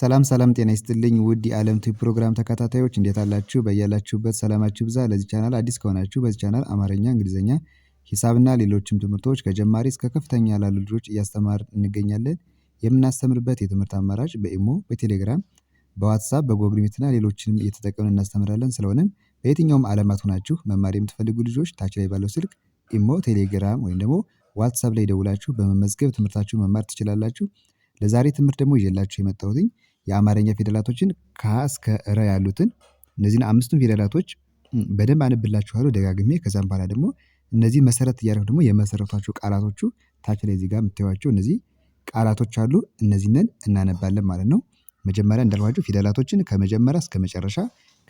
ሰላም ሰላም ጤና ይስጥልኝ ውድ የዓለም ፕሮግራም ተከታታዮች እንዴት አላችሁ? በያላችሁበት ሰላማችሁ ብዛ። ለዚህ ቻናል አዲስ ከሆናችሁ በዚህ ቻናል አማርኛ፣ እንግሊዝኛ፣ ሂሳብና ሌሎችም ትምህርቶች ከጀማሪ እስከ ከፍተኛ ላሉ ልጆች እያስተማር እንገኛለን። የምናስተምርበት የትምህርት አማራጭ በኢሞ፣ በቴሌግራም፣ በዋትሳፕ፣ በጎግል ሚትና ሌሎችንም እየተጠቀምን እናስተምራለን። ስለሆነም በየትኛውም ዓለማት ሆናችሁ መማር የምትፈልጉ ልጆች ታች ላይ ባለው ስልክ ኢሞ፣ ቴሌግራም ወይም ደግሞ ዋትሳፕ ላይ ደውላችሁ በመመዝገብ ትምህርታችሁ መማር ትችላላችሁ። ለዛሬ ትምህርት ደግሞ ይዤላችሁ የመጣሁትኝ የአማርኛ ፊደላቶችን ከ እስከ ረ ያሉትን እነዚህን አምስቱን ፊደላቶች በደንብ አነብላችኋለሁ ደጋግሜ። ከዛም በኋላ ደግሞ እነዚህ መሰረት እያደረግ ደግሞ የመሰረቷቸው ቃላቶቹ ታች ላይ ዚጋ የምታዩቸው እነዚህ ቃላቶች አሉ። እነዚህንን እናነባለን ማለት ነው። መጀመሪያ እንዳልኳችሁ ፊደላቶችን ከመጀመሪያ እስከ መጨረሻ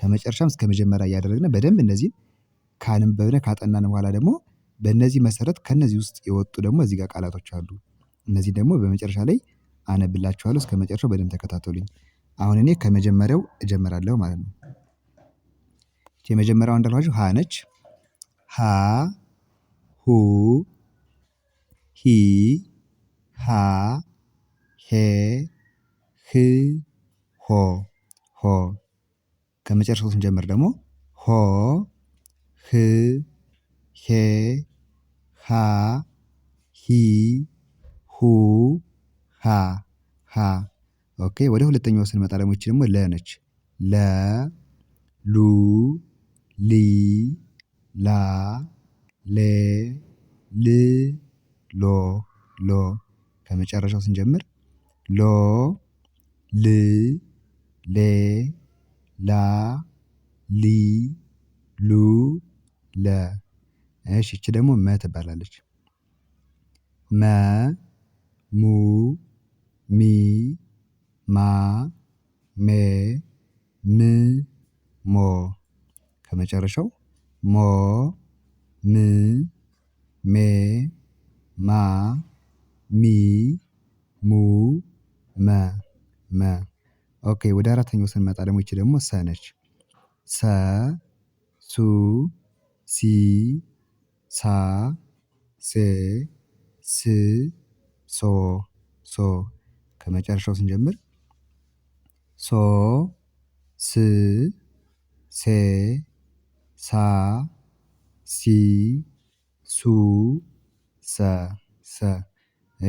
ከመጨረሻም እስከ መጀመሪያ እያደረግን በደንብ እነዚህን ካነበብን ካጠናን በኋላ ደግሞ በእነዚህ መሰረት ከእነዚህ ውስጥ የወጡ ደግሞ እዚህ ጋር ቃላቶች አሉ። እነዚህ ደግሞ በመጨረሻ ላይ አነብላችኋለሁ እስከ መጨረሻው በደንብ ተከታተሉኝ። አሁን እኔ ከመጀመሪያው እጀምራለሁ ማለት ነው። የመጀመሪያው እንዳልኳችሁ ሀ ነች። ሀ ሁ ሂ ሃ ሄ ህ ሆ ሆ ከመጨረሻው ስንጀምር ደግሞ ሆ ህ ሄ ሃ ሂ ሁ ሀ ሀ ኦኬ ወደ ሁለተኛው ስንመጣ ደግሞ ይቺ ደግሞ ለ ነች። ለ ሉ ሊ ላ ሌ ል ሎ ሎ ከመጨረሻው ስንጀምር ሎ ል ሌ ላ ሊ ሉ ለ። እሺ ይቺ ደግሞ መ ትባላለች። መ ሙ ሚ ማ ሜ ም ሞ ከመጨረሻው ሞ ም ሜ ማ ሚ ሙ መ መ ኦኬ ወደ አራተኛው ስንመጣ ደግሞ ይቺ ደግሞ ሰ ነች። ሰ ሱ ሲ ሳ ሴ ስ ሶ ሶ ከመጨረሻው ስንጀምር ሶ ስ ሴ ሳ ሲ ሱ ሰ ሰ።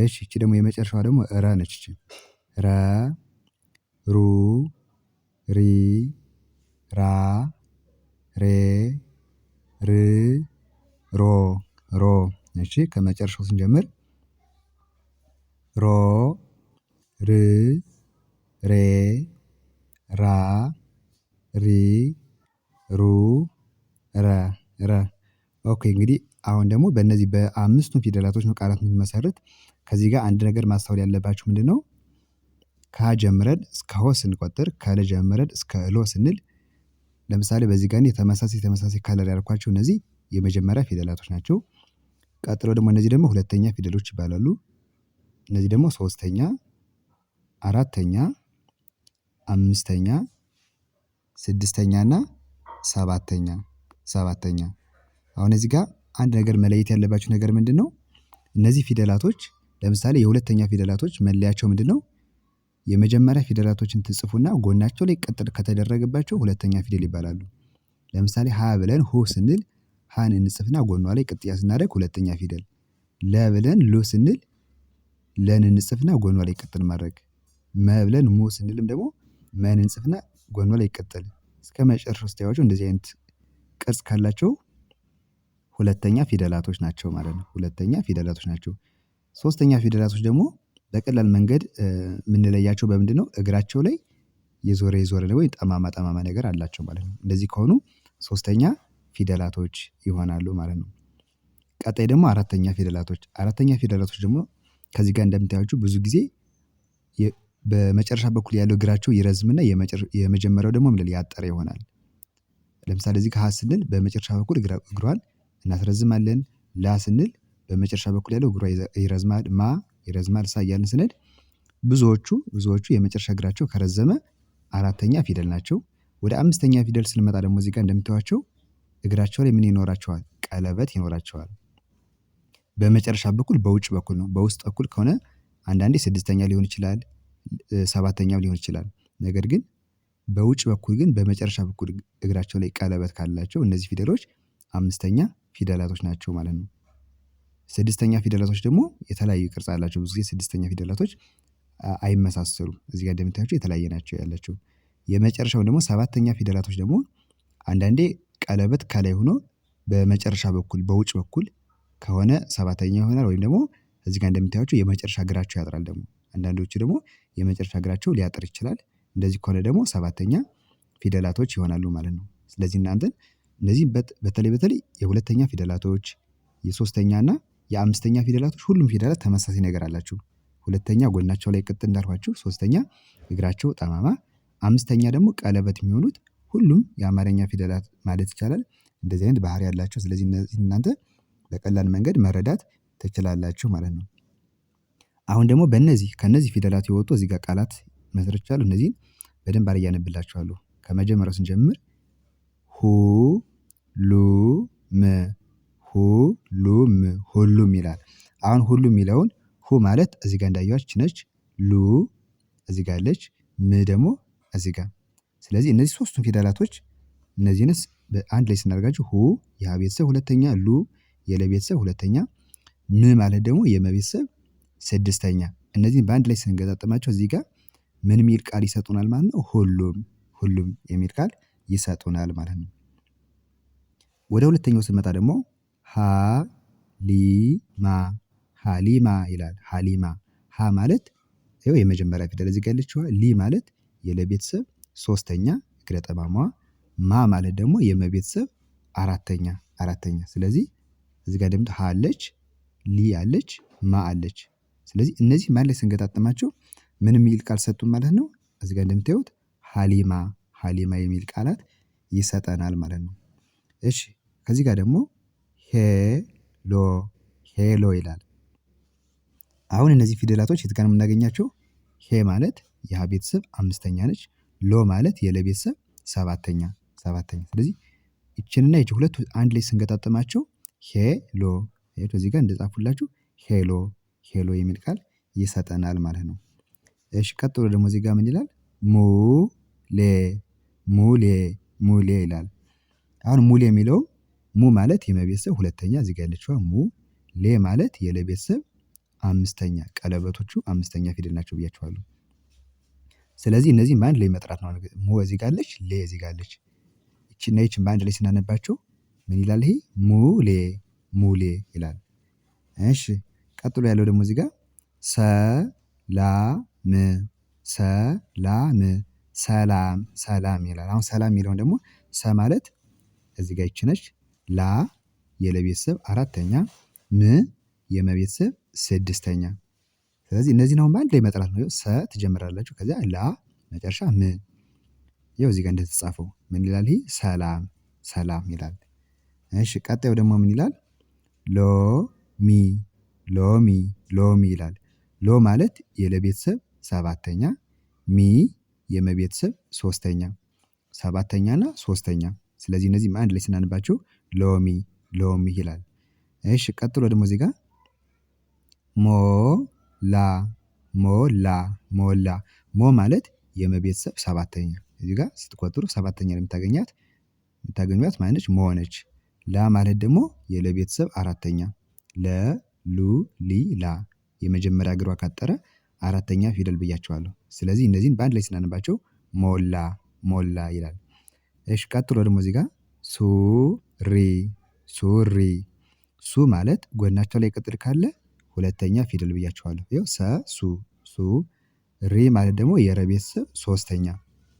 እሺ እቺ ደግሞ የመጨረሻዋ ደግሞ ረ ነች። እቺ ረ ሩ ሪ ራ ሬ ር ሮ ሮ። እሺ ከመጨረሻው ስንጀምር ሮ ር ሬ ራ ሪ ሩ ረ ረ ኦኬ እንግዲህ አሁን ደግሞ በእነዚህ በአምስቱም ፊደላቶች ነው ቃላት የምንመሰርት። ከዚህ ጋር አንድ ነገር ማስተዋል ያለባችሁ ምንድነው? ከ ጀምረን እስከ ሆ ስንቆጥር ከለ ጀምረን እስከ ሎ ስንል ለምሳሌ በዚህ ጋር ተመሳሳይ ተመሳሳይ ከለር ያልኳቸው እነዚህ የመጀመሪያ ፊደላቶች ናቸው። ቀጥሎ ደግሞ እነዚህ ደግሞ ሁለተኛ ፊደሎች ይባላሉ። እነዚህ ደግሞ ሶስተኛ አራተኛ አምስተኛ ስድስተኛ እና ሰባተኛ ሰባተኛ አሁን እዚህ ጋር አንድ ነገር መለየት ያለባችሁ ነገር ነው? እነዚህ ፊደላቶች ለምሳሌ የሁለተኛ ፊደላቶች መለያቸው ምንድነው? የመጀመሪያ ፊደላቶችን ትጽፉና ጎናቸው ላይ ቀጥል ከተደረገባቸው ሁለተኛ ፊደል ይባላሉ። ለምሳሌ ሀ ብለን ሁ ስንል ሀን እንጽፍና ጎኗ ላይ ቅጥያ ስናደርግ ሁለተኛ ፊደል ለ ብለን ሉ ስንል ለን እንጽፍና ጎኗ ላይ ቅጥል ማድረግ መ ብለን ሙ ስንልም ደግሞ መን እንጽፍና ጎኗ ላይ ይቀጠል እስከመጨረሻው ስታዩዋቸው እንደዚህ አይነት ቅርጽ ካላቸው ሁለተኛ ፊደላቶች ናቸው ማለት ነው። ሁለተኛ ፊደላቶች ናቸው። ሶስተኛ ፊደላቶች ደግሞ በቀላል መንገድ የምንለያቸው በምንድነው? እግራቸው ላይ የዞረ የዞረ ወይ ጠማማ ጠማማ ነገር አላቸው ማለት ነው። እንደዚህ ከሆኑ ሶስተኛ ፊደላቶች ይሆናሉ ማለት ነው። ቀጣይ ደግሞ አራተኛ ፊደላቶች አራተኛ ፊደላቶች ደግሞ ከዚህ ጋር እንደምታዩዋቸው ብዙ ጊዜ በመጨረሻ በኩል ያለው እግራቸው ይረዝምና የመጀመሪያው ደግሞ ምንድነው ያጠረ ይሆናል። ለምሳሌ እዚህ ከሀ ስንል በመጨረሻ በኩል እግሯን እናስረዝማለን ላ ስንል በመጨረሻ በኩል ያለው እግሯ ይረዝማል ማ ይረዝማል ሳ እያልን ስንል ብዙዎቹ ብዙዎቹ የመጨረሻ እግራቸው ከረዘመ አራተኛ ፊደል ናቸው። ወደ አምስተኛ ፊደል ስንመጣ ደግሞ እዚህ ጋር እግራቸው ላይ ምን ይኖራቸዋል? ቀለበት ይኖራቸዋል። በመጨረሻ በኩል በውጭ በኩል ነው። በውስጥ በኩል ከሆነ አንዳንዴ ስድስተኛ ሊሆን ይችላል ሰባተኛው ሊሆን ይችላል። ነገር ግን በውጭ በኩል ግን በመጨረሻ በኩል እግራቸው ላይ ቀለበት ካላቸው እነዚህ ፊደሎች አምስተኛ ፊደላቶች ናቸው ማለት ነው። ስድስተኛ ፊደላቶች ደግሞ የተለያዩ ቅርጽ አላቸው ብዙ ጊዜ ስድስተኛ ፊደላቶች አይመሳሰሉም እዚህ ጋር እንደምታያቸው የተለያየ ናቸው ያላቸው። የመጨረሻው ደግሞ ሰባተኛ ፊደላቶች ደግሞ አንዳንዴ ቀለበት ከላይ ሆኖ በመጨረሻ በኩል በውጭ በኩል ከሆነ ሰባተኛ ይሆናል ወይም ደግሞ እዚህ ጋር እንደምታያቸው የመጨረሻ እግራቸው ያጥራል ደግሞ አንዳንዶቹ ደግሞ የመጨረሻ እግራቸው ሊያጥር ይችላል። እንደዚህ ከሆነ ደግሞ ሰባተኛ ፊደላቶች ይሆናሉ ማለት ነው። ስለዚህ እናንተን እነዚህ በተለይ በተለይ የሁለተኛ ፊደላቶች የሶስተኛ እና የአምስተኛ ፊደላቶች ሁሉም ፊደላት ተመሳሳይ ነገር አላችሁ። ሁለተኛ ጎናቸው ላይ ቅጥ እንዳልኳችሁ፣ ሶስተኛ እግራቸው ጠማማ፣ አምስተኛ ደግሞ ቀለበት የሚሆኑት ሁሉም የአማርኛ ፊደላት ማለት ይቻላል እንደዚህ አይነት ባህሪ ያላቸው። ስለዚህ እናንተ በቀላል መንገድ መረዳት ትችላላችሁ ማለት ነው። አሁን ደግሞ በእነዚህ ከእነዚህ ፊደላት የወጡ እዚህ ጋር ቃላት መስርቻለሁ። እነዚህን በደንብ አድርጌ አነብላችኋለሁ። ከመጀመሪያው ስንጀምር ሁ ሉ ም ሁሉም ሁሉም ይላል። አሁን ሁሉም የሚለውን ሁ ማለት እዚህ ጋር እንዳየዋች ነች። ሉ እዚህ ጋር አለች። ም ደግሞ እዚህ ጋር። ስለዚህ እነዚህ ሶስቱን ፊደላቶች እነዚህንስ በአንድ ላይ ስናደርጋቸው ሁ የሀ ቤተሰብ ሁለተኛ፣ ሉ የለ ቤተሰብ ሁለተኛ፣ ም ማለት ደግሞ የመ ቤተሰብ ስድስተኛ እነዚህን በአንድ ላይ ስንገጣጠማቸው እዚህ ጋር ምን የሚል ቃል ይሰጡናል ማለት ነው? ሁሉም ሁሉም የሚል ቃል ይሰጡናል ማለት ነው። ወደ ሁለተኛው ስንመጣ ደግሞ ሀሊማ ሀሊማ ይላል። ሀሊማ ሀ ማለት ይኸው የመጀመሪያ ፊደል እዚህ ጋር ያለችዋ፣ ሊ ማለት የለቤተሰብ ሶስተኛ እግረ ጠማማዋ፣ ማ ማለት ደግሞ የመቤተሰብ አራተኛ አራተኛ። ስለዚህ እዚህ ጋር ደግሞ ሀ አለች፣ ሊ አለች፣ ማ አለች። ስለዚህ እነዚህ ማን ላይ ስንገጣጥማቸው ምን የሚል ቃል ሰጡን ማለት ነው። እዚህ ጋር እንደምታዩት ሀሊማ ሀሊማ የሚል ቃላት ይሰጠናል ማለት ነው። እሺ ከዚህ ጋር ደግሞ ሄሎ ሄሎ ይላል። አሁን እነዚህ ፊደላቶች የት ጋር የምናገኛቸው? ሄ ማለት የሀ ቤተሰብ አምስተኛ ነች። ሎ ማለት የለ ቤተሰብ ሰባተኛ ሰባተኛ። ስለዚህ ይችንና ይች ሁለቱ አንድ ላይ ስንገጣጥማቸው ሄሎ ሎ እዚህ ጋር እንደጻፉላችሁ ሄሎ ሄሎ የሚል ቃል ይሰጠናል ማለት ነው። እሺ ቀጥሎ ደግሞ እዚህ ጋር ምን ይላል? ሙሌ ሙሌ ሙሌ ይላል። አሁን ሙሌ የሚለው ሙ ማለት የመ ሁለተኛ እዚህ ጋር ያለችዋ ሙ ሌ ማለት የለ ቤተሰብ አምስተኛ ቀለበቶቹ አምስተኛ ፊደል ናቸው ብያችኋለሁ። ስለዚህ እነዚህን በአንድ ላይ መጥራት ነው ሙ እዚህ ጋር ሌ እዚህ ጋር እቺ እና ይቺን በአንድ ላይ ስናነባቸው ምን ይላል? ይሄ ሙሌ ሙሌ ይላል። እሺ ቀጥሎ ያለው ደግሞ እዚህ ጋር ሰላም ሰላም ሰላም ሰላም ይላል። አሁን ሰላም የሚለውን ደግሞ ሰ ማለት እዚህ ጋር ይችነች ላ የለቤተሰብ አራተኛ ም የመቤተሰብ ስድስተኛ። ስለዚህ እነዚህን አሁን በአንድ ላይ መጥራት ነው። ሰ ትጀምራላችሁ፣ ከዚያ ላ መጨረሻ ም። ይኸው እዚህ ጋር እንደተጻፈው ምን ይላል? ይሄ ሰላም ሰላም ይላል። እሺ ቀጣዩ ደግሞ ምን ይላል? ሎሚ ሎሚ ሎሚ ይላል። ሎ ማለት የለቤተሰብ ሰባተኛ፣ ሚ የመቤተሰብ ሶስተኛ፣ ሰባተኛ ሶስተኛ። ስለዚህ እነዚህም አንድ ላይ ስናንባቸው ሎሚ ሎሚ ይላል። እሺ ቀጥሎ ደግሞ እዚህ ጋር ላ ሞ ላ ሞ ማለት የመቤተሰብ ሰባተኛ እዚህ ጋር ስትቆጥሩ ሰባተኛ ላይ የምታገኛት የምታገኟት ማነች? ሞ ነች። ላ ማለት ደግሞ የለቤተሰብ አራተኛ ለ ሉ ሊ ላ የመጀመሪያ እግሯ ካጠረ አራተኛ ፊደል ብያቸዋለሁ። ስለዚህ እነዚህን በአንድ ላይ ስናነባቸው ሞላ ሞላ ይላል። እሽ ቀጥሎ ደግሞ እዚህ ጋር ሱሪ ሱሪ ሱ ማለት ጎናቸው ላይ ቅጥል ካለ ሁለተኛ ፊደል ብያቸዋለሁ። ያው ሰ ሱ ሱ ሪ ማለት ደግሞ የረ ቤተሰብ ሶስተኛ።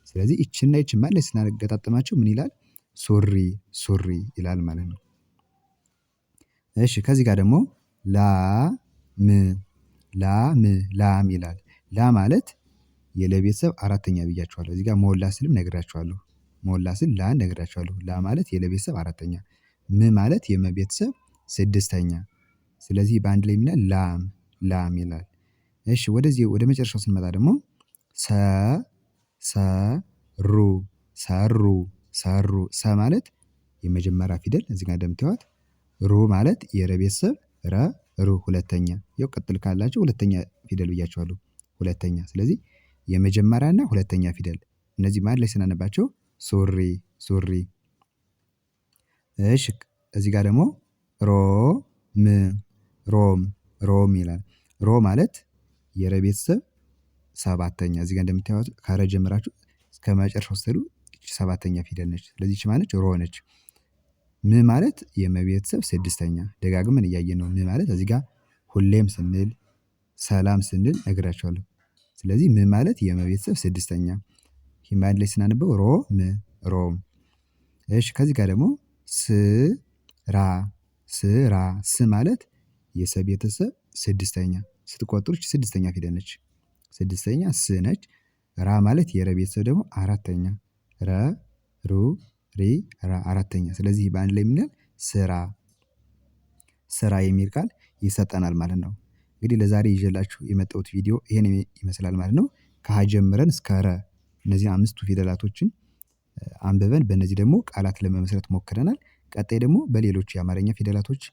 ስለዚህ ይችና ይችን ማለት ላይ ስናገጣጥማቸው ምን ይላል? ሱሪ ሱሪ ይላል ማለት ነው። እሺ ከዚህ ጋር ደግሞ ላም ላም ላም ይላል ላ ማለት የለ ቤተሰብ አራተኛ ብያችኋለሁ እዚህ ጋር ሞላ ስልም ነግራችኋለሁ ሞላ ስል ላ ነግራችኋለሁ ላ ማለት የለ ቤተሰብ አራተኛ ም ማለት የመ ቤተሰብ ስድስተኛ ስለዚህ በአንድ ላይ ምናል ላም ላም ይላል። እሺ ወደዚህ ወደ መጨረሻው ስንመጣ ደግሞ ሰ ሰ ሩ ሰሩ ሰሩ ሰ ማለት የመጀመሪያ ፊደል እዚህ ጋር እንደምታዩት ሩ ማለት የረ ቤተሰብ ረ ሩ ሁለተኛ ያው ቅጥል ካላቸው ሁለተኛ ፊደል ብያቸዋለሁ። ሁለተኛ ስለዚህ የመጀመሪያና ሁለተኛ ፊደል እነዚህ ማለት ላይ ስናነባቸው ሱሪ ሱሪ። እሽ እዚህ ጋር ደግሞ ሮ ም ሮም ሮም ይላል። ሮ ማለት የረ ቤተሰብ ሰባተኛ እዚህ ጋር እንደምታዩት ከረ ጀምራችሁ እስከ ሰባተኛ ፊደል ነች። ስለዚህ ይቺ ሮ ነች። ም ማለት የመቤተሰብ ስድስተኛ ደጋግመን እያየን ነው። ም ማለት እዚህ ጋር ሁሌም ስንል ሰላም ስንል ነግራችኋለሁ። ስለዚህ ም ማለት የመቤተሰብ ስድስተኛ ሂማድ ላይ ስናንበው ሮ ም ሮም። እሺ ከዚህ ጋር ደግሞ ስራ ስራ ስ ማለት የሰ ቤተሰብ ስድስተኛ ስትቆጥሩች ስድስተኛ ፊደል ነች። ስድስተኛ ስ ነች። ራ ማለት የረ ቤተሰብ ደግሞ አራተኛ ረ ሩ ሬ አራተኛ ስለዚህ በአንድ ላይ ምንድነው ስራ ስራ የሚል ቃል ይሰጠናል ማለት ነው። እንግዲህ ለዛሬ ይዤላችሁ የመጣሁት ቪዲዮ ይሄን ይመስላል ማለት ነው። ከሀ ጀምረን እስከ ረ እነዚህ አምስቱ ፊደላቶችን አንብበን በእነዚህ ደግሞ ቃላት ለመመስረት ሞክረናል። ቀጣይ ደግሞ በሌሎች የአማርኛ ፊደላቶች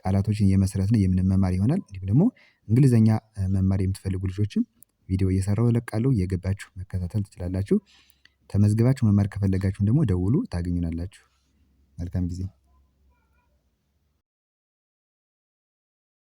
ቃላቶችን እየመሰረትን የምንማር ይሆናል። እንዲሁም ደግሞ እንግሊዘኛ መማር የምትፈልጉ ልጆችም ቪዲዮ እየሰራው እለቃለሁ እየገባችሁ መከታተል ትችላላችሁ ተመዝግባችሁ መማር ከፈለጋችሁ ደግሞ ደውሉ ታገኙናላችሁ። መልካም ጊዜ